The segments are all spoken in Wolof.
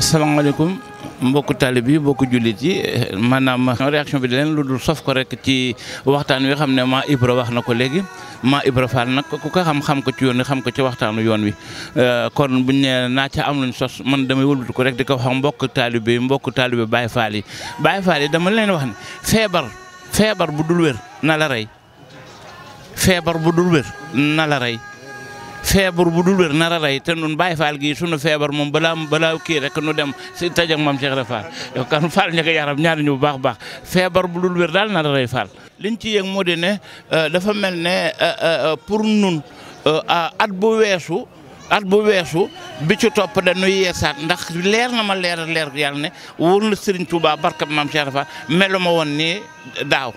salaamaaleykum mbokku taalib yi mbokku jullit yi maanaam réaction bi di leen lu dul sof ko rek ci waxtaan wi xam ne maa Ibra wax na ko léegi maa Ibra Fall nag ku ko xam xam ko ci yoon wi xam ko ci waxtaanu yoon wi euh, kon buñ ne naa ca am luñ sos man damay wëlbatu ko rek di ko wax mbokk taalib yi mbokku taalib yi Baye Fall yi Baye Fall yi dama leen wax ne feebar feebar bu dul wér nala la feebar bu dul rey. feebar bu dul wér nar a rey te nun Baay Faal gi sunu feebar moom balaam balaa kii rek nu dem si taj ak maam Cheikh Ibra Fall yow kan Fall ña yaram ñaari ñu bu baax baax feebar bu dul wér daal nar a rey Fall. liñ ci yëg moo di ne euh, dafa mel ne euh, euh, pour nun at bu weesu at bu weesu bi ci topp dañuy yeesaat ndax leer na ma leer leer yàlla ne wóor na Serigne Touba barkab maam Cheikh Ibra Fall melu ma woon ni daaw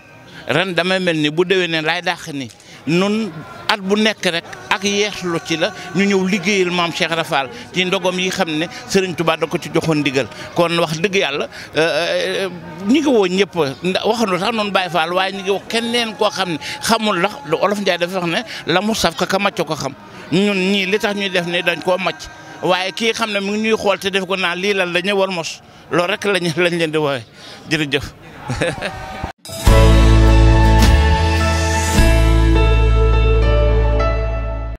ren dama mel ni bu déwénee laay dàq ni nun at bu nekk rek. ak yeexlu ci la ñu ñëw liggéeyal maam Cheikh Rafal ci ndogom yi xam ne Serigne Touba da ko ci joxoon ndigal kon wax dëgg yàlla euh, euh, ñi ngi woo ñëpp waxandoo sax noonu Baye Fall waaye ñi ngi kenn keneen koo xam ne xamul ndax olof Ndiaye dafa wax ne la mu saf ka ka macc ko xam ñun ñii li tax ñuy def ne dañ koo macc waaye kii xam ne mu ngi ñuy xool te def ko naa lii lan la ñu war mos loolu rek lañ lañ leen di woowee jërëjëf